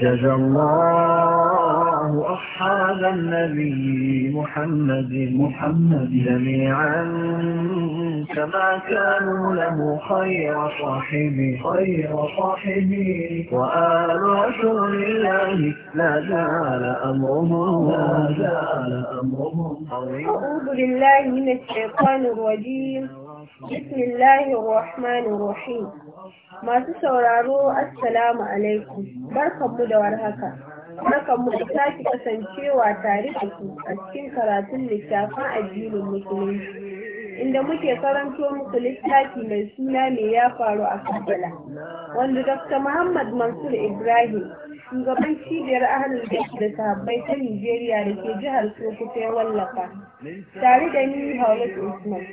جزى الله أصحاب النبي محمد محمد جميعا كما كانوا له خير صاحبي خير صاحبي وآل رسول الله لا زال أمرهم لا زال أمرهم أعوذ بالله من الشيطان الرجيم بسم الله الرحمن الرحيم Masu sauraro Assalamu alaikum, barkanmu da warhaka. Barkanmu da sake kasancewa tare da ku a cikin karatun littafin addinin musulunci, inda muke karanto muku littafi mai suna mai ya faru a Kabbala, wanda Dr. Muhammad Mansur Ibrahim shugaban cibiyar ahalin da sahabbai ta Nijeriya da ke jihar Sokoto ya wallafa, tare da ni Haulat Usman.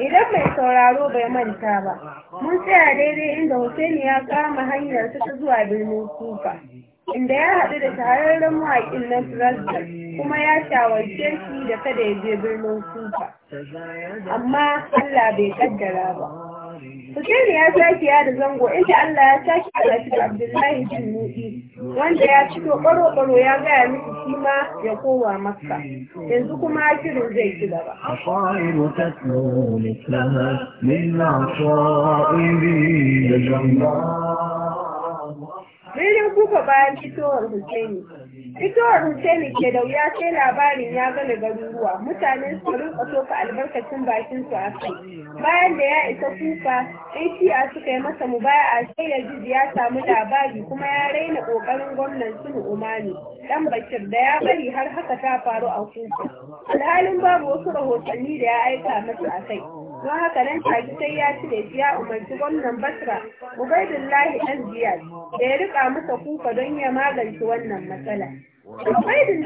Idan mai sauraro bai manta ba, mun tsaya daidai inda Hussein ya kama hanyar ta zuwa birnin Kufa. Inda ya haɗu da shahararren mawaƙin na Trasdar kuma ya shawarce shi da kada ya je birnin Kufa. Amma Allah bai kaddara ba. hussaini ya sake ya da zango inda Allah ya sake a shi da Abdullahi bin Nudi wanda ya fito baro-baro ya gaya miki shi ma ya kowa Makka, yanzu kuma kirin zai ci gaba. Asha'iru tatlu min da kuka bayan fitowar hussaini Fitowar Hussaini ke da wuya sai labarin ya gane garuruwa mutane su rinka soka albarkacin bakin su a kai. Bayan da ya isa kufa, ɗan suka yi masa mu. sai ya jizi ya samu labari kuma ya raina ƙoƙarin gwamnan sunu Umani, Dan Bashir da ya bari har haka ta faru a kufa. Alhalin babu wasu rahotanni da ya aika masa a kai. Don haka nan take sai ya cire shi ya umarci gwamnan Basra, Ubaidullahi ɗan Ziyad, da ya rika masa kufa don ya magance wannan matsala.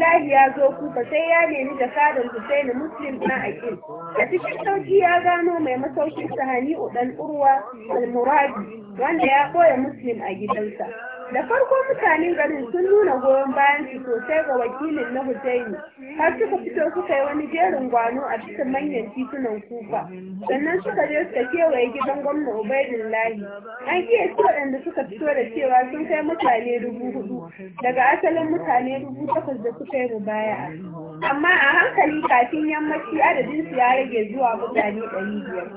Lahi ya zo kufa sai ya nemi sadar Husaini Muslim na Aqil. A cikin sauki ya gano mai masaukin sahani udan urwa al-Muradi wanda ya ɓoye Muslim a gidansa. da farko mutanen garin sun nuna goyon bayan su sosai ga wakilin na Hussaini har suka fito suka yi wani jerin gwano a cikin manyan titunan kufa sannan suka je suka kewaye gidan gwamna Ubaidin Lahi an iya ci waɗanda suka fito da cewa sun kai mutane dubu hudu daga asalin mutane dubu takwas da suka yi baya. amma a hankali kafin yammaci adadin su ya rage zuwa mutane ɗari biyar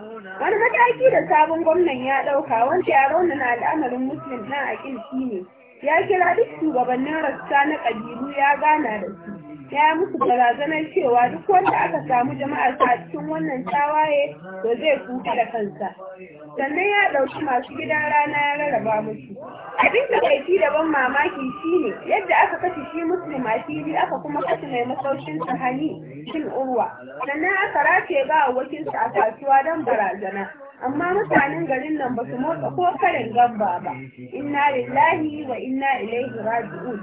wani mataki da sabon gwamnan ya ɗauka wanda ya na al'amarin muslim na a kirki ne ya kira duk shugabannin rassa na ƙabilu ya gana da su ya musu barazanar cewa duk wanda aka samu jama'ar sa a cikin wannan tawaye to zai kuka da kansa sannan ya ɗauki masu gidan rana ya rarraba musu abin da kai ci daban mamaki shine yadda aka kashe shi musulma fili, aka kuma kashe mai masaukin sahani shin urwa sannan aka race ba wakilsa a kasuwa don barazana amma mutanen garin nan ba su motsa ko karin gamba ba inna lillahi wa inna ilaihi raji'un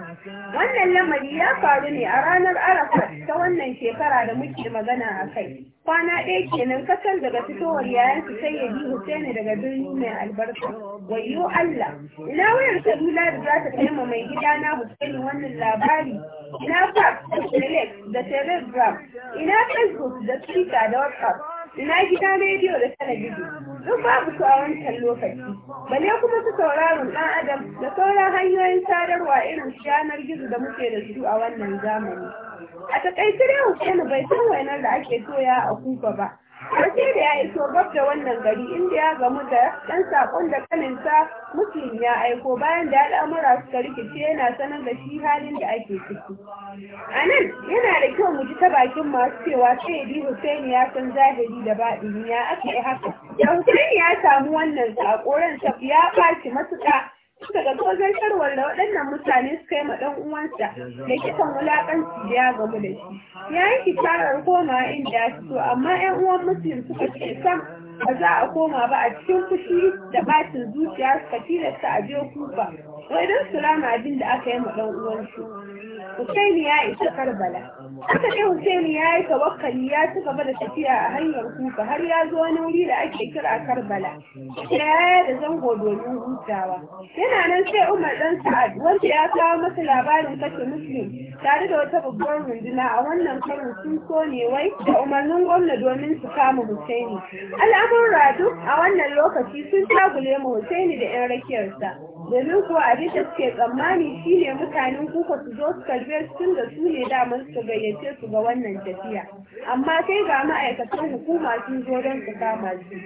wannan lamari ya faru ne a ranar arafat ta wannan shekara da muke magana a kai kwana ɗaya kenan kasar daga fitowar yayan su sai ya bi husaini daga birni mai albarka wayo allah ina wayar salula da za ta kai mai gida na husaini wannan labari ina fax da telex da telegram ina facebook da twitter da whatsapp ina gida rediyo da talabijin in babu su a wancan lokaci bale kuma su sauraron ɗan adam da sauran hanyoyin sadarwa irin shanar gizo da muke da su a wannan zamani a takaice dai Hussein bai san wainar da ake toya a kuka ba har sai da ya iso gab da wannan gari inda ya gamu da ɗan sakon da kaninsa muslim ya aiko bayan da al'amura suka rikice yana sanar da shi halin da ake ciki a nan yana da kyau mu ji ta bakin masu cewa sayyidi hussein ya san zahiri da baɗini ya aka haka Yaushe ya samu wannan sakoran ya ɓaci matuƙa suka ga tozon da waɗannan mutane suka yi ma ɗan uwansa da kisan wulaƙanci ya gamu da shi. Ya yi kisarar koma inda su amma 'yan uwan musulun suka ce sam ba za a koma ba a cikin fushi da bacin zuciya suka tilasta a je kuka, wai don su rama abin da aka yi ma ɗan uwansu. Hussaini ya isa Karbala. Haka dai Husaini ya yi tawakkali ya ci gaba da tafiya a hanyar kuka har ya zo wani wuri da ake kira Karbala. Ya yaya da zango domin hutawa. Yana nan sai Umar dan Sa'ad wanda ya kawo masa labarin kashe Muslim tare da wata babbar runduna a wannan karin sun so ne wai da umarnin gwamna domin su kama Hussaini. Al'amurra duk a wannan lokaci sun shagule mu Hussaini da 'yan rakiyarsa. domin kuwa a bisa suke tsammani shine mutanen kuka su zo su karbe su tun da su ne damar su gayyace su ga wannan tafiya amma sai ga ma'aikatan hukuma sun zo don su kama su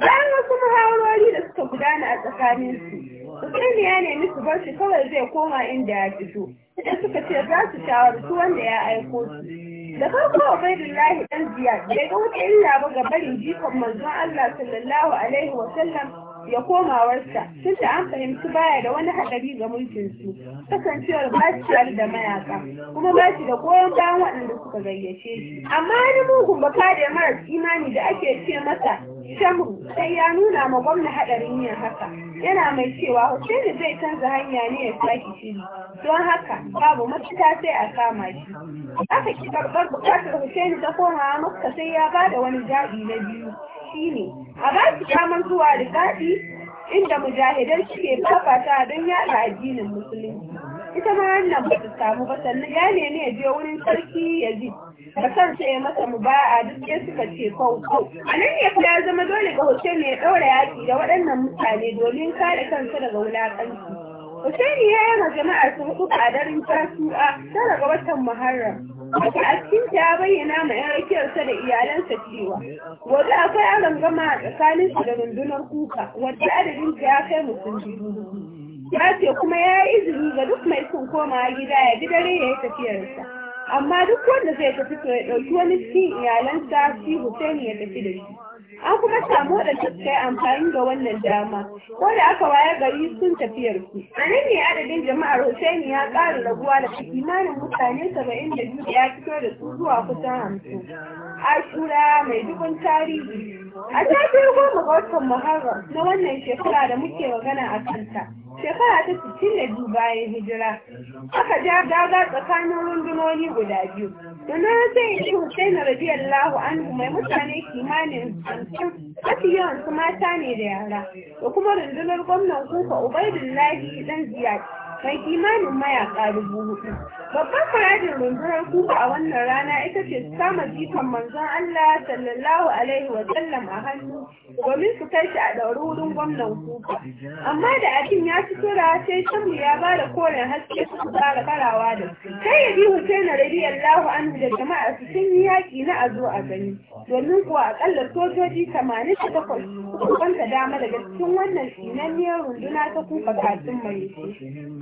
bayan wasu muhawarori da suka gudana a tsakanin su Usaini ya nemi su bar shi kawai zai koma inda ya fito idan suka ce za su shawarci wanda ya aiko su da farko Ubaidullahi dan Ziyad bai ga wata illa ba ga barin jikon manzon Allah sallallahu alaihi wa sallam ya komawarsa tun da an fahimci baya da wani haɗari ga mulkinsu kasancewar ba shi da mayaka kuma ba shi da goyon bayan waɗanda suka gayyace shi amma wani mugun da marar imani da ake ce masa shamru sai ya nuna ma gwamna haɗarin yin haka yana mai cewa Hussaini zai canza hanya ne ya sake shi don haka babu mafita sai a kama shi aka ki karɓar bukatar Hussaini ta komawa maka sai ya ba da wani jaɗi na biyu shine a ba su damar zuwa rigaɗi inda mujahidai suke fafata don yaɗa addinin musulunci ita ma wannan ba su samu ba sannan ya nemi ya je wurin sarki ya ji ba san sai masa mu ba a duk suka ce kau kau a nan ne ya zama dole ga hussein mai ɗaura yaƙi da waɗannan mutane domin kare kansa daga wulaƙanci Hussein ya yi ma jama'a su hudu a daren tasu'a tara ga watan Muharram. Daga askin ta bayyana ma 'yan rakiyarsa da iyalansa cewa, waje akwai aron gama a tsakaninsu da rundunar kuka, wadda adadin ta ya kai mutum biyu. Ya ce kuma ya yi izini ga duk mai son komawa gida ya bi dare ya yi tafiyarsa. Amma duk wanda zai tafi to ya ɗauki wani cikin iyalansa shi Hussein ya tafi da shi. an kuma samu da suka amfani ga wannan dama ko da aka wayar gari sun tafiyar su a nan ne adadin jama'ar Hussaini ya ƙara raguwa da kimanin mutane saba'in da biyu ya fito da su zuwa kusan hamsin ashura mai dubin tarihi a safiyar goma ga watan muharram na wannan shekara da muke magana a kanta shekara ta sittin da biyu bayan hijira aka ja daga tsakanin rundunoni guda biyu rundunar sai yi hussein radiyallahu anhu mai mutane kimanin hamsin mafi yawan su mata ne da yara da kuma rundunar gwamnan kuka ubaidullahi dan ziyad munafukai imanin mayaka dubu hudu. Babban faradin rundunar kuka a wannan rana ita ce kama jikan manzon Allah sallallahu alaihi wa sallam a hannu domin su kai shi a ɗauri wurin gwamnan kuka amma da abin ya ci tura sai shanmu ya ba da koren haske su fara farawa da su sai ya bi hussein radiyallahu anhu da jama'a su sun yi yaƙi na a zo a gani domin kuwa akalla sojoji tamanin da takwas kwanta dama daga cikin wannan tsinanniyar runduna ta kuka kafin mai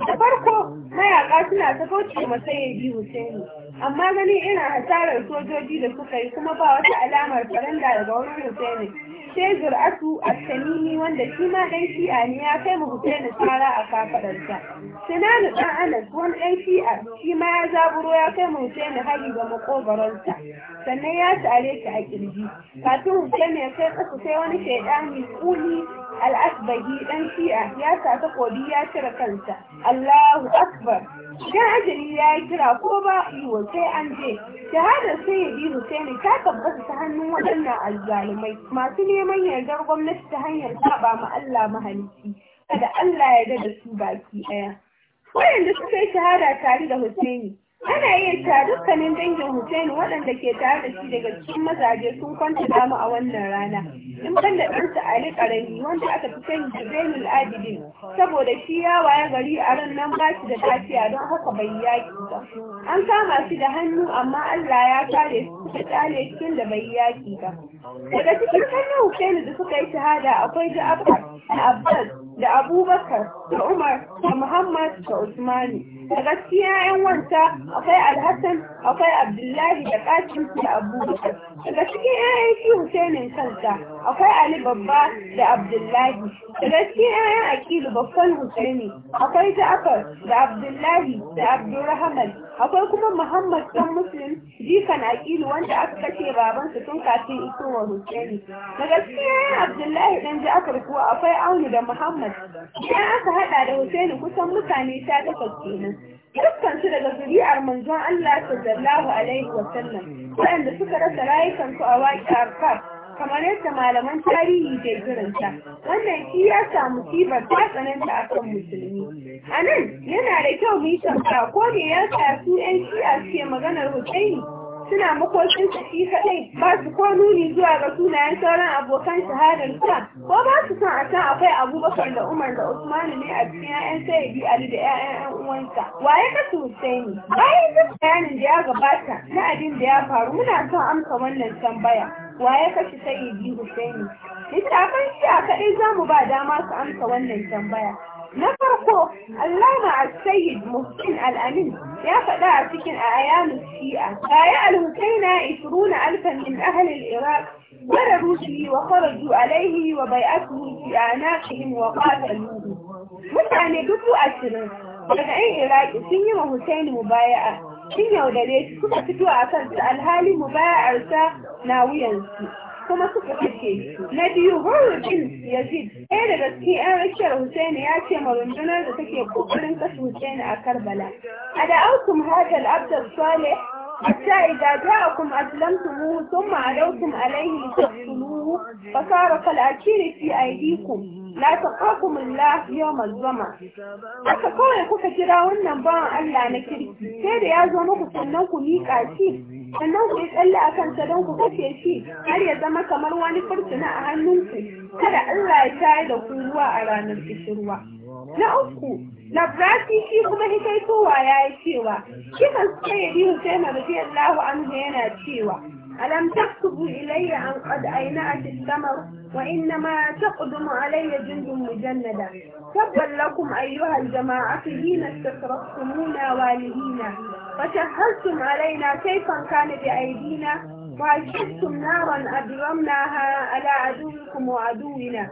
da farko mayaƙa suna ta kauce masa ya bi hussein amma gani ina hasarar sojoji da suka yi kuma ba wata alamar faranda daga wani Hussaini sai zur'atu a Tanini wanda shi ma dan shi'a ne ya kai mu Hussaini tsara a kafadarsa Sinani dan Anas wani ɗan shi'a shi ma ya zaburo ya kai mu Hussaini hari ga makogaronsa sannan ya tsare shi a kirji kafin Hussaini ya kai kasu sai wani shaidani kuli al'asbagi dan shi'a ya sa kobi ya cire kansa Allahu akbar dan ajali ya yi kira ko ba yiwa sai an je shahadar sayyidi Husaini ta tabbata ta hannun waɗannan azzalumai masu neman yardar gwamnati ta hanyar saba ma Allah mahalicci kada Allah ya da su baki ɗaya waɗanda suka yi shahada tare da Husaini ana iya ta dukkanin dangin Hussein waɗanda ke tare da shi daga cikin mazaje sun kwanta damu a wannan rana in ban da ɗansa Ali ƙarami wanda aka fi sani da Zainul Abidin saboda shi ya waye gari a ran nan ba shi da lafiya don haka bai yaƙi ba an kama shi da hannu amma Allah ya kare su da tsale cikin da bai yaƙi ba daga cikin hannun Hussein da suka yi shahada akwai da Abbas da Abubakar da Umar da Muhammad da Usmani da gaskiya 'yan wanta akwai alhassan akwai abdullahi da kasim da abubakar daga cikin yayan shi husainin kansa akwai ali babba da abdullahi daga cikin yayan akilu babban husaini akwai ja'far da abdullahi da abdurrahman akwai kuma muhammad dan muslim jikan akilu wanda aka kashe su tun kafin isowar husaini daga cikin yayan abdullahi dan ja'far kuwa akwai aunu da muhammad Ya aka hada da husaini kusan mutane ta takwas kenan dukkan su daga zuri'ar manzon Allah sallallahu alaihi wa sallam waɗanda suka rasa rayukansu a waƙiyar kaf kamar yadda malaman tarihi ke jiranta wannan shi ya samu kibar ta tsananta a kan musulmi a nan yana da kyau mu yi ko ya sa su 'yan shi'a suke maganar Hussaini suna makoshin shi kadai ba su ko nuni zuwa ga sunayen sauran abokan shahadar sa ko ba su son a san akwai abubakar da umar da usmanu ne a cikin 'ya'yan sayyidi ali da 'ya'yan 'yan uwansa waye ka su husaini bayan duk bayanin da ya gabata na abin da ya faru muna son amsa wannan tambaya waye kashe sayyidi husaini littafan shi a kaɗai za mu ba dama su amsa wannan tambaya نفر الله مع السيد مهتن الأمين يا فداع سكن أيام الشيئة فيا كينا عشرون ألفا من أهل العراق ضربوا فيه وخرجوا عليه وبيئته في أعناقهم وقاتلوه مثلا يدفوا أسرا بدعين عراق سنة وهتين مبايعة سنة ودليل كنت تتوى أسرس الهالي مبايع عرسى ناويا kuma suka kace na biyu Hurr bin Yazid ɗaya daga cikin 'yan rakiyar Hussaini ya ce ma rundunar da take kokarin kashe Hussaini a Karbala ada'ukum hada al-abd as-salih حتى إذا جاءكم أسلمتموه ثم علوتم عليه لتقتلوه فصار كالأكير في أيديكم لا تقاكم الله يوم الظما haka kawai kuka kira wannan bawan Allah na kirki sai da ya zo muku sannan ku miƙa shi sannan ku yi tsalle a kansa don ku kashe shi har ya zama kamar wani fursuna a hannunku kada Allah ya tayar da ku ruwa a ranar kishirwa. Na uku, Labrati shi kuma hikaitowa ya yi cewa, kikan tsaye biyu sai na radiyallahu anhu yana cewa, ألم تكتب إلي أن قد أينأت الثمر وإنما تقدم علي جند مجندة تبا لكم أيها الجماعة حين استكرهتمونا والهينا وشهرتم علينا كيفا كان بأيدينا وأشعلتم نارا أبرمناها على عدوكم وعدونا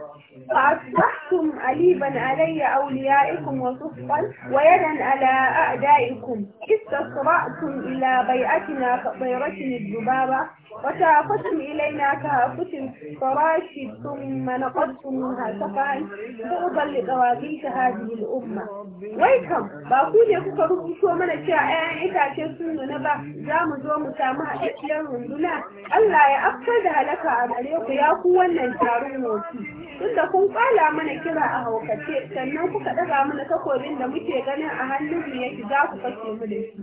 فأصبحتم أليبا علي أوليائكم وصفقا ويدا على أعدائكم استصرأتم إلى بيعتنا كطيرة الذبابة وتعافتم إلينا كهافت الفراشد ثم نقضتم منها سفعا بغضا لقواقيت هذه الأمة ويكم باقول يا كفر شو من الشعائر إذا كنتم نبا زام زوم سامع رندنا Allah ya afkar da halaka a gare ku ya ku wannan taron Tun tunda kun kwala mana kira a haukace sannan kuka daga mana takobin da muke ganin a hannun mu yake za ku kashe mu da shi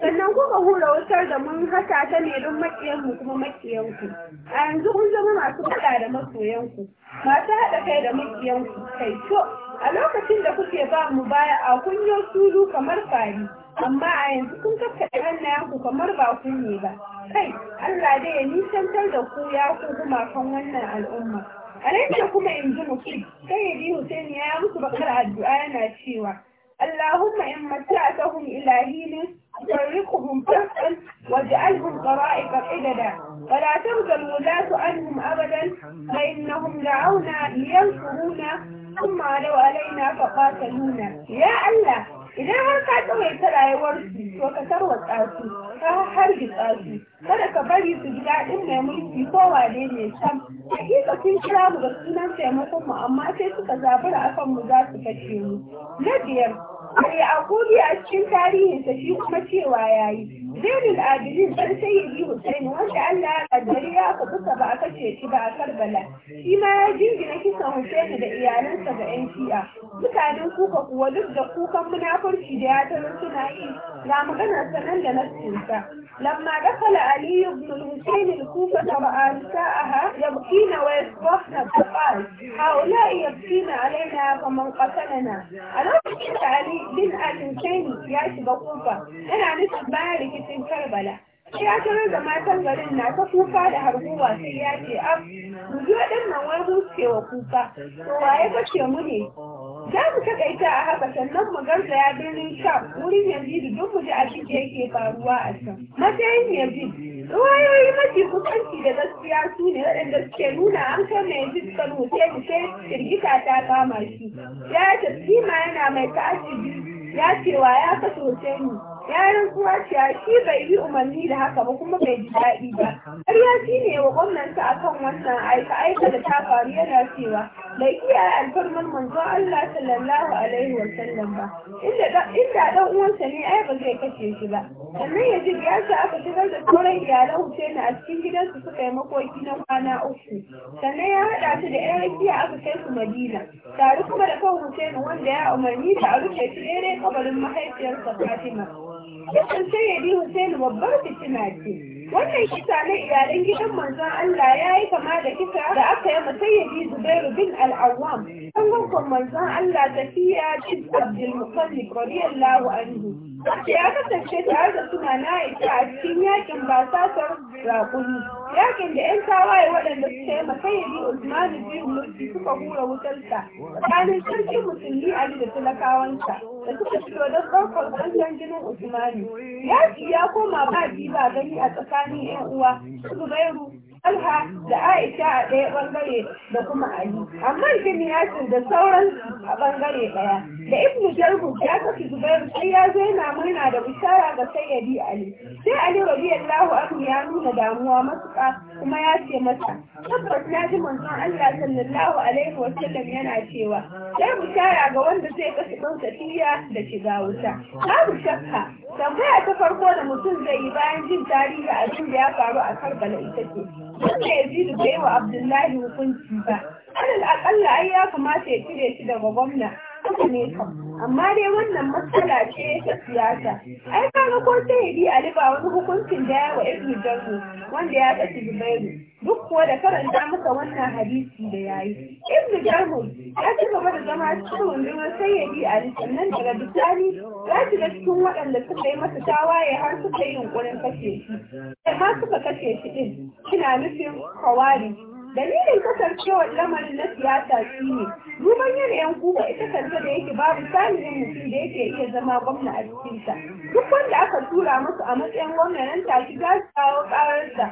sannan kuka hura wutar da mun haka ta ne don makiyan mu kuma makiyan ku a yanzu kun zama masu faɗa da masoyan ku masu haɗa kai da makiyan ku kai to a lokacin da kuke ba mu baya a kunyo sulu kamar fari amma a yanzu kun kakkaɗe hannayenku kamar ba ku ne ba kai Allah dai ya nisantar da ku ya ku gumakan wannan al'umma alaita kuma in ji mutum sai ya ji Hussein ya musu bakar addu'a yana cewa اللهم إن متعتهم إلى هيل فرقهم فرقا واجعلهم طرائق حددا ولا ترضى الولاة عنهم أبدا فإنهم دعونا لينصرونا ثم علوا علينا فقاتلونا يا الله idan har ka tsawaita rayuwar su to ka tarwatsa su ka hargitsa su kada ka bari su ji daɗin mai mulki ko wane ne can hakika sun kira mu ga sunan taimakon mu amma sai suka zabura akan mu za su kashe mu na biyar al'akuli a cikin tarihinsa shi kuma cewa ya yi zainul abidin dan sayyidi hussein wanda allah ya kaddari ya kafuka ba a kashe shi ba a karbala shi ma ya jingina kisan hussein da iyalansa ga yan shi'a mutanen kuka kuwa duk da kukan munafurci da ya taro suna yi ga maganar sanan da nassinsa لما دخل علي بن الحسين الكوفة رأى نساءها يبكين ويصبحن فقال هؤلاء يبكين علينا A lokacin da كنت علي بن أبي تاني يا بقوفة أنا نسب بارك في كربلاء ya tarar da matan garin na ta kuka da harguwa sai ya ce ab mu zo din nan wai hucewa kuka to waye kace mu ne za mu takaita a haka sannan mu garzaya birnin sha wurin yanzu duk mu ji abin da yake faruwa a can matsayin yanzu Wayoyi mafi kusanci da gaskiya su ne waɗanda suke nuna an mai ya fiskar wuce wuce firgita ta kama shi. Ya taslima yana mai ta'ashi ya cewa ya kasance ni. yaran kuwa cewa shi bai yi umarni da haka ba kuma bai ji daɗi ba. Har ya ne wa gwamnansa akan wannan aika aika da ta faru yana cewa bai kiyaye alfarmar manzo Allah sallallahu alaihi wa sallam ba inda inda dan uwansa ne ai ba zai kace shi ba sannan ya ji ya sa aka shigar da sauran iyalan Husaini a cikin gidansu suka yi makoki na kwana uku sannan ya haɗa su da 'yar rakiya aka kai su Madina tare kuma da kan Husaini wanda ya umarni da a rufe shi daidai kabarin mahaifiyarsa Fatima. Kisan sai ya bi Husaini babbar fitina ce. wannan kisa na iyalan gidan manzon Allah ya yi kama da kisa da aka yi masayyabi Zubairu bin Al-Awwam an manzon Allah tafiya bin Abdul Muttalib lahu anhu ya kasance tare da suna na aiki a cikin yakin basasar rakuni yakin da yan tawaye waɗanda suka yi makayyadi usmanu bin mulki suka hura wutarsa tsakanin sarki musulmi ali da talakawansa da suka fito don ɗaukar ƙwanton jinin usmanu Yaƙi ya koma ba ba gani a tsakanin yan uwa zubairu Alha da Aisha a ɗaya ɓangare da kuma Ali, amma jini yakin da sauran a ɓangare ɗaya. da ibnu jarhu ya saki zubair sai ya zo yana murna da bishara ga sayyidi ali sai ali radiyallahu anhu ya nuna damuwa matuƙa kuma ya ce masa tabbas na ji manzon Allah sallallahu alaihi wa sallam yana cewa sai bishara ga wanda zai kasu kansa tiya da shiga wuta babu shakka tambaya ta farko da mutum zai yi bayan jin tarihi abin da ya faru a karbala ita ce wanda ya ji da wa abdullahi hukunci ba alal akalla ai ya kamata ya cire shi daga gwamna haka ne amma dai wannan matsala ce ta siyasa ai kaga ko sai bi a riba wani hukuncin da ya wa ibnu jarmu wanda ya tafi zubairu duk kuwa da karanta masa wannan hadisi da yayi ibnu jarmu ya ci gaba da zama cikin ya yi a sannan daga bisani ya shiga cikin waɗanda suka yi masa tawaye har suka yi yunkurin kashe shi amma suka kashe shi din ina nufin kawari Dalilin kasancewar lamarin na siyasa shi ne duban yanayin kuka ita kanta da yake babu samirin mutum da yake iya zama gwamna a cikinta. Duk wanda aka tura musu a matsayin gwamna nan za su kawo ƙararsa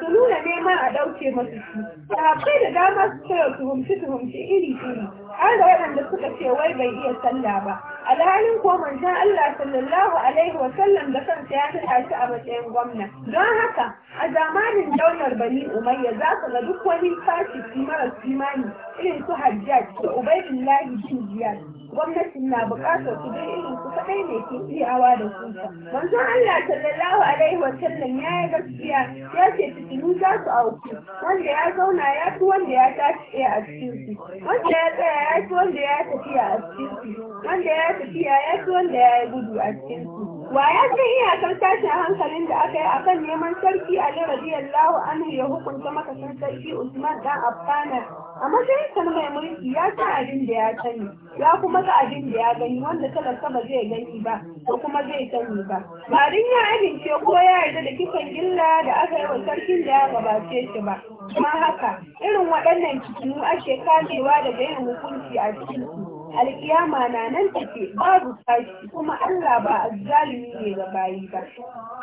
su nuna neman a ɗauke masu shi. da dama su kira tuhumci-tuhumci iri-iri da waɗanda suka ce wai bai iya sallah ba alhalin ko manzon Allah sallallahu alaihi wa sallam da kansa ya tada shi a matsayin gwamna don haka a zamanin daular bani umayya za ka ga duk wani fasiki mara imani irin su hajjaj da ubaidullahi bin jiyar gwamnatin na buƙatar su dai irin su kaɗai ne ke iyawa da kusa manzon Allah sallallahu alaihi zancen nan ya yi gaskiya ya ce fitilu za su auku wanda ya zauna ya fi wanda ya tashi a cikin wanda ya tsaya ya fi wanda ya tafiya a cikin wanda ya tafiya ya fi wanda ya yi gudu a cikin Wa ya ce iyakar tashin hankalin da aka yi a kan neman sarki ali radiyallahu anhu ya hukunta makasin sarki usman dan affana a matsayin sa mai mulki ya san abin da ya sani ya kuma ga abin da ya gani wanda talaka ba zai gani ba ko kuma zai sani ba barin ya amince ko ya yarda da kisan gilla da aka yi wa sarkin da ya gabace shi ba kuma haka irin waɗannan fitinu ake kamewa daga yin hukunci a cikin su alkiyama na nan take babu tashi kuma Allah ba azzalimi ne ga bayi ba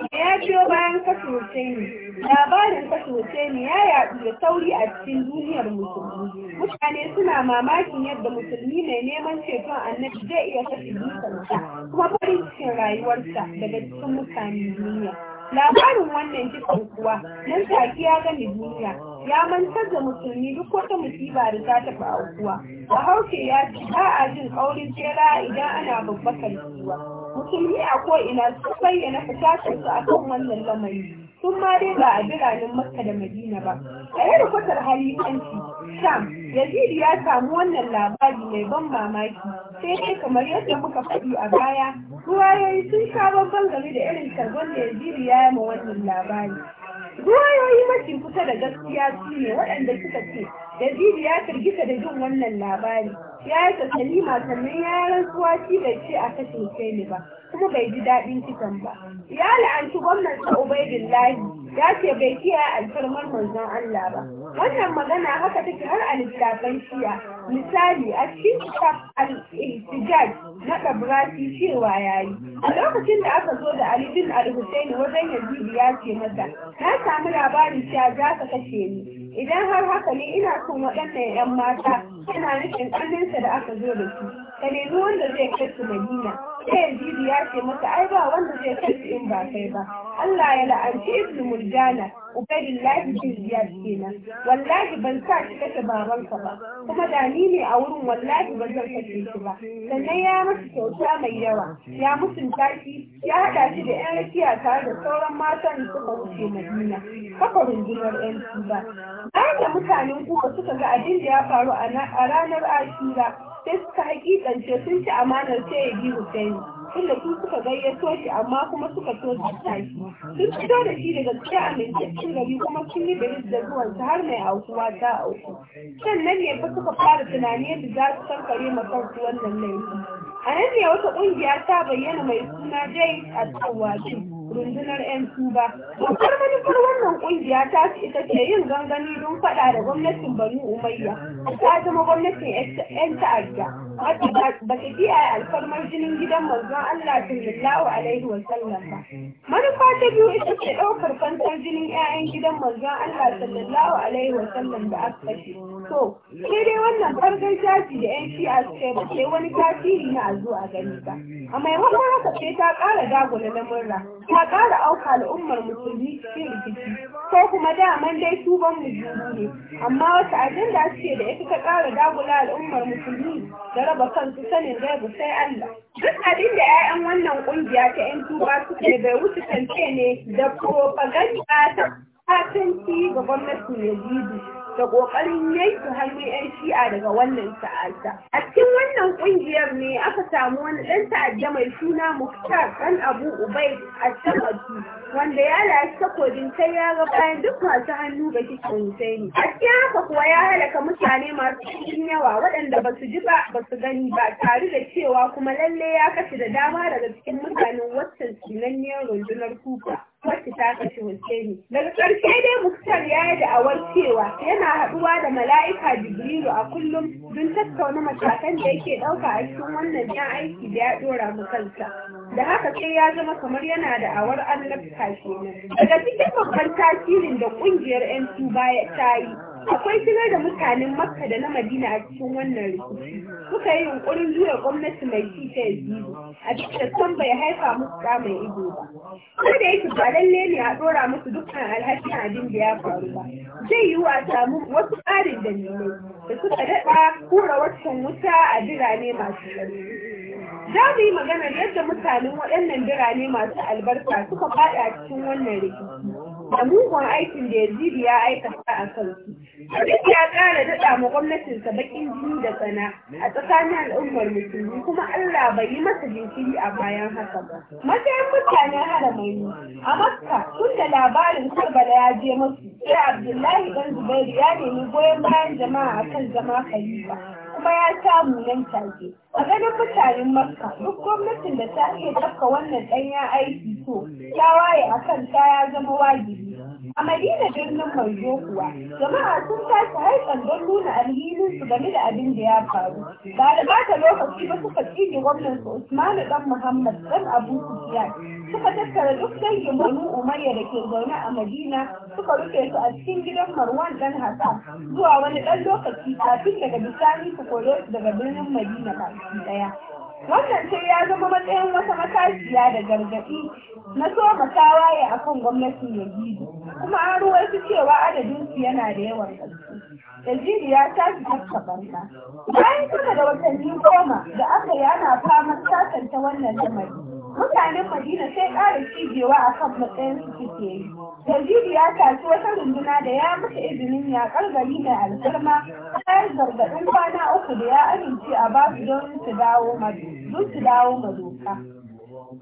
da ya biyo bayan kashe Hussaini labarin kashe Hussaini ya yaɗu da sauri a cikin duniyar musulmi mutane suna mamakin yadda musulmi mai neman ceton annabi zai iya kashe dukansa kuma farin cikin rayuwarsa daga cikin mutane duniya labarin wannan jikin kuwa nan take ya gani duniya ya mantar da musulmi duk wata musiba da za ta fi aukuwa hauke ya ce ba a jin kaurin jera idan ana babbakar kiwa musulmi a ko'ina sun bayyana fitatarsu a kan wannan lamari sun ma dai ba a biranen makka da madina ba a yi rukutar halifanci Sam, yazid ya samu wannan labari mai ban mamaki sai dai kamar yadda muka faɗi a baya ruwayoyi sun sha babban game da irin targon da yazid ya yi ma wannan labari Ruwayoyi mafi kusa da gaskiya su ne waɗanda suka ce, Yazidu ya firgita da jin wannan labari, ya yi salima sannan ya rantsuwa shi bai ce a kashe Hussaini ba, kuma bai ji daɗin kisan ba. Ya la'anci gwamnan sa Ubaidullahi, ya ce bai kiyaye alfarmar manzon Allah ba. Wannan magana haka take har a littafan shiya, misali a cikin kitab al-ihtijaj na tabrati cewa yayi a lokacin da aka zo da ali bin al-husaini wajen yazid ya ce masa na samu labarin cewa za ka kashe ni idan har haka ne ina son waɗannan 'yan mata yana nufin ƙarninsa da aka zo da su ka nemi wanda zai kai su madina sai yazid ya ce masa ai ba wanda zai kai su in ba kai ba Allah ya la'anci ibnu murjana ubaidillahi bin ziyad kenan wallahi ban sa ki kashe babanka ba kuma da ni ne a wurin wallahi ban zan kashe shi ba sannan ya masa kyauta mai yawa ya mutunta shi ya haɗa shi da yan rakiya tare da sauran matan suka wuce madina kafa rundunar yan ba bayan da mutanen kuka suka ga abin da ya faru a ranar ashira sai suka hakikance sun ci amanar sai ya bi Hussaini. inda su suka gayyato shi amma kuma suka so su tashi sun fito da shi daga cikin amintaccen gari kuma sun yi da da zuwansa har mai aukuwa ta auku nan ne fa suka fara tunani yadda za su kankare ma kansu wannan laifi a nan ne wata kungiya ta bayyana mai suna jai a tsawaki rundunar 'yan tuba. Babbar manufar wannan kungiya ta ce ita ce yin gangani don faɗa da gwamnatin Bani Umayya ta zama gwamnatin 'yan ta'adda. haka ba ta kiyaye alfarmar jinin gidan manzon Allah sallallahu alaihi wa sallam ba manufa ta biyu ita ce ɗaukar fantar jinin 'ya'yan gidan manzon Allah sallallahu alaihi wa sallam da aka kashe to sai dai wannan farkon shafi da 'yan shi'a suka ba sai wani tasiri na a zo a gani ba a maimakon haka sai ta ƙara dagula lamurra ta ƙara auka al'ummar musulmi cikin rikici ko kuma daman dai tuban mu ne amma wata ajanda ce da ita ta ƙara dagula al'ummar musulmi da raba kansu sanin gaibu sai Allah. Duk abin da 'ya'yan wannan ƙungiya ta 'yan tuba suke bai wuce kance ne da propaganda ta fatanci ga gwamnati Yazidu da ƙoƙarin yanke hannun 'yan shi'a daga wannan ta'adda. A cikin wannan ƙungiyar ne aka samu wani ɗan ta'adda mai suna Muktar ɗan Abu Ubai a can wanda ya lashe takobin sai ya ga bayan duk masu hannu ga kisan Husaini. A cikin haka kuwa ya halaka mutane masu cikin yawa waɗanda ba su ji ba ba su gani ba tare da cewa kuma lalle ya kashe da dama daga cikin mutanen wancan sinanniyar rundunar kuka. wacce ta kashe Hussaini. Daga ƙarshe dai Muktar ya yi da'awar cewa yana haɗuwa da mala'ika Jibrilu a kullum don tattauna matakan da yake ɗauka a cikin wannan 'yan aiki da ya ɗora mu kansa. da haka sai ya zama kamar yana da awar annabta kenan daga cikin babban tasirin da kungiyar yan baya ta yi akwai shigar da mutanen makka da na madina a cikin wannan rikici suka yi yunkurin juya gwamnati mai ci ta yazidu a duk da san bai haifa musu da ido ba ko da yake ba lalle ne a dora musu dukkan alhakin abin da ya faru ba zai yi a samu wasu ƙarin dalilai da suka daɗa kura waccan wuta a birane masu ƙarfi Za mu yi maganar yadda mutanen waɗannan birane masu albarka suka faɗa cikin wannan rikici da mugun aikin da Yazidi ya aikata a kansu. duk ya ƙara daɗa ma gwamnatinsa baƙin jini da sana a tsakanin al'ummar musulmi kuma Allah bai yi masa jinkiri a bayan haka ba. Matsayin mutanen haramai a Makka tun da labarin Karbala ya je masu sai Abdullahi ɗan Zubairu ya nemi goyon bayan jama'a akan zama khalifa. kuma ya ta nan take. A ganin mutanen Makka, duk gwamnatin da ta iya tafka wannan ɗanyen aiki to, ta waye a kan ta ya zama wajibi. A Madina birnin Manzo kuwa, jama'a sun tashi haikan don nuna alhinin su game da abin da ya faru. Ba da bata lokaci ba suka cije gwamnan su Usmanu dan Muhammad dan Abu Sufyan suka tattara duk dangin banu umayya da ke zaune a madina suka rufe su a cikin gidan marwan dan hassan zuwa wani dan lokaci kafin daga bisani su kore su daga birnin madina baki daya. wannan sai ya zama matsayin wata matashiya da gargaɗi na so ya a kan gwamnatin yazidu kuma an ruwaitu cewa su yana da yawan gaske yazidu ya tashi banza bayan suka da watanni goma da aka yana fama sasanta wannan lamari mutanen madina sai ƙara cijewa a kan matsayin su suke yi yazidi ya tafi wata runduna da ya mata izinin yaƙar gari mai alfarma bayan zargaɗin kwana uku da ya amince a basu don su dawo madoka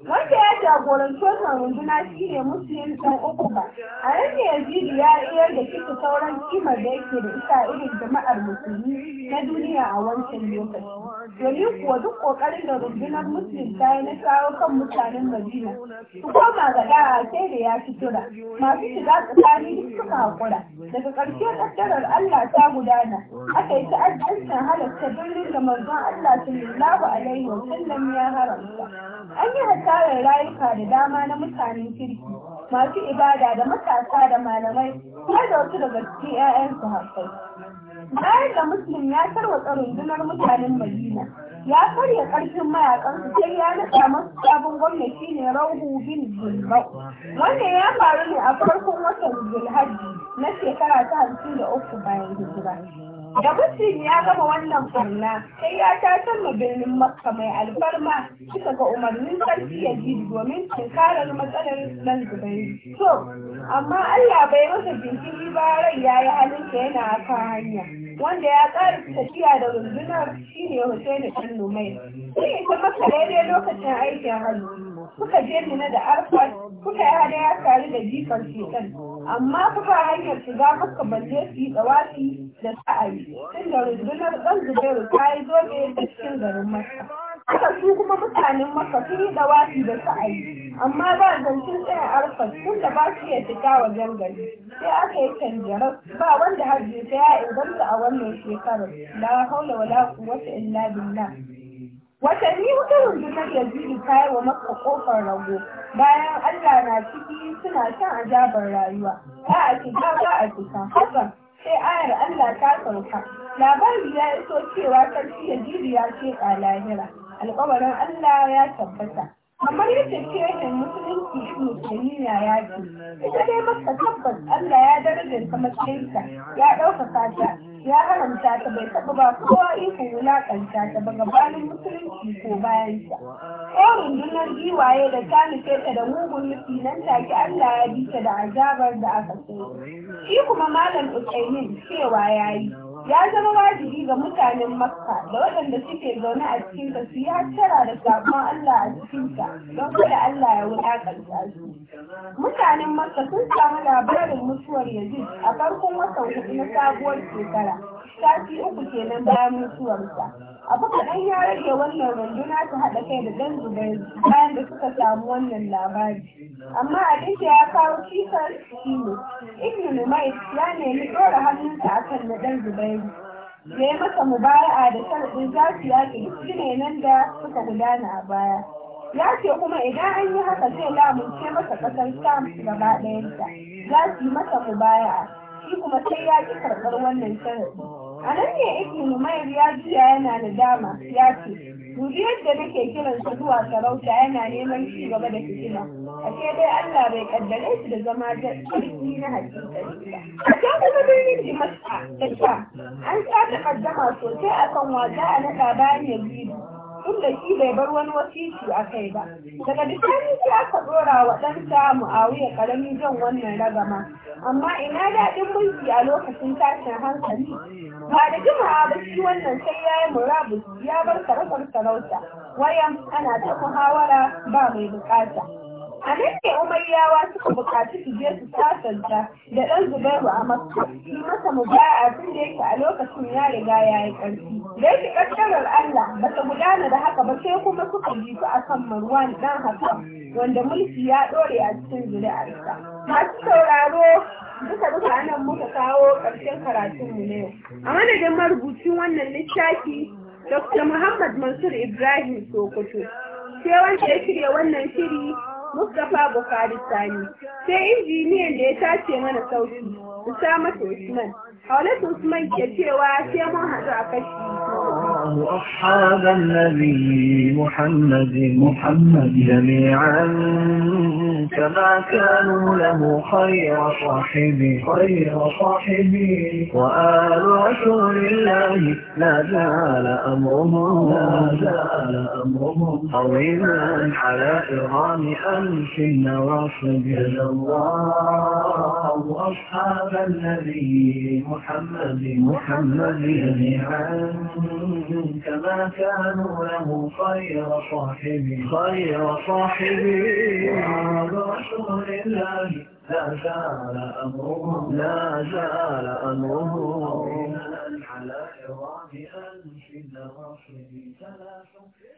Wanda ya jagoranci wannan runduna shi ne dan uku ba A rage Yazidi ya iya da kisa sauran kimar da yake da isa irin jama'ar musulmi na duniya a wancan lokaci. Domin kuwa duk ƙoƙarin da rundunar Muslim ta yi na shawo kan mutanen Madina. Su koma ga da'a sai da ya ci tura. Masu shiga tsakani suka haƙura. Daga ƙarshe ƙaddarar Allah ta gudana. Aka yi ta'addancin halarta birnin da manzon Allah sallallahu alaihi wa sallam ya haramta. An yi hata tsara rayuka da dama na mutanen kirki masu ibada da matasa da malamai kuma da wasu daga cikin 'ya'yansu haƙƙai bayan da Musulun ya tarwatsa rundunar mutanen madina ya karya ƙarfin mayakansu sai ya nufa masu sabon gwamnati ne rauhu bin Zulbau. wannan ya faru ne a farkon watan Zulhaji na shekara ta hamsin da uku bayan hijira Da mutum ya gama wannan farna sai ya tasar ma birnin Makka mai alfarma kisa ga umarnin sarki ya ji domin tunkarar matsalar nan zubai So? amma Allah bai masa jinkiri ba rai ya yi halinta yana kan hanya. Wanda ya ƙara tafiya da rundunar shine Hussein ɗan Numai. Sai ita makka daidai lokacin aikin hannu. kuka je mina da arfa kuka yi hadaya tare da jikar shekan amma kuka hanyar shiga kuka balle su yi tsawafi da sa'ayi tun da rundunar ɗan zubairu ta yi zobe da cikin garin masa haka su kuma mutanen maka sun yi tsawafi da sa'ayi amma ba zancen tsaya arfan tun da ba su iya shiga wajen gari sai aka yi canjarar ba wanda har ta ya inganta a wannan shekarar la haula wala quwwata illa billah watanni wata rundunar yazidu ta yi wa maka kofar rago bayan allah na ciki suna shan ajabar rayuwa ba a shiga ba a cika hakan sai ayar allah ta sauka labari ya iso cewa sarki yazidu ya ce a lahira alkawarin allah ya tabbata kamar yadda yin musulunci ibnu taymiya ya ce ita dai maka tabbas allah ya darajar ta ya ɗaukaka ta ya haramta ta bai taɓa ba kowa iko wulaƙanta ta ba gabanin musulunci ko bayan ta. Ko rundunar giwaye da ta nufe ta da mugun nufi nan take Allah ya bi ta da azabar da aka so. Shi kuma Malam Ukaimin cewa ya yi. ya zama wajibi ga mutanen makka da waɗanda suke zaune a cikin ta su yi da sabon Allah a cikin ta don kada Allah ya wulaƙanta su mutanen makka sun samu labarin mutuwar yazid a farkon watan hudu na sabuwar shekara sati uku kenan bayan mutuwarsa abu ɗan ya rage wannan runduna ta haɗa kai da ɗan zubairu bayan da suka samu wannan labari amma abin ya kawo cikar shine ibnu numais ya nemi ɗora hannunsa akan na ɗan zubairu ya yi masa mubara'a da sharaɗin za su yaƙi duk nan da suka gudana a baya ya ce kuma idan an yi haka zai lamunce masa ƙasar Sam gaba ɗayanta za su yi masa mubara'a shi kuma sai ya ƙi karɓar wannan sharaɗi a nan ne ikin umair ya juya yana da dama ya ce dubi yadda nake kiran zuwa sarauta yana neman ci gaba da hikima a ce dai Allah bai kaddare shi da zama da sarki na hakika a can kuma birnin Dimashq da sha an sa ta kaddama sosai akan wasa a naɗa bayan ya biyu tunda shi bai bar wani wasiki a kai ba daga dukkanin shi aka dora wa ta mu'awiya karamin jan wannan ragama amma ina daɗin mulki a lokacin tashin hankali ba da jimawa ba shi wannan sai ya yi murabus ya bar sarakar sarauta wayan ana ta muhawara ba mai bukata A nan ne Umayyawa suka bukaci su je su sasanta da ɗan Zubairu a maka su masa mu a tun da yake a lokacin ya riga ya yi ƙarfi. Da yake ƙaddarar Allah ba ta gudana da haka ba sai kuma suka ji su a kan Marwan ɗan haka wanda mulki ya ɗore a cikin zuri'arsa. Masu sauraro duka duka anan muka kawo ƙarshen karatunmu na yau. A madadin marubucin wannan littafi Dr. Muhammad Mansur Ibrahim Sokoto. Sai wanda ya shirya wannan shiri Mustapha Bukari Sani, sai injiniyan da ya tace mana sauki, Usama Usman. Hawlatu Usman ke cewa sai mun haɗu a kashi الله أصحاب النبي محمد محمد جميعا كما كانوا له خير صاحبي خير صاحبي وآل رسول الله لا زال أمرهم لا زال أمرهم قويما على إرام ألف النواصب جزا الله أصحاب النبي محمد محمد جميعا منهم كما كانوا له خير صاحبي خير صاحبي وعلى رسول الله لا زال أمره لا زال أمره على إرام أنفذ ثلاث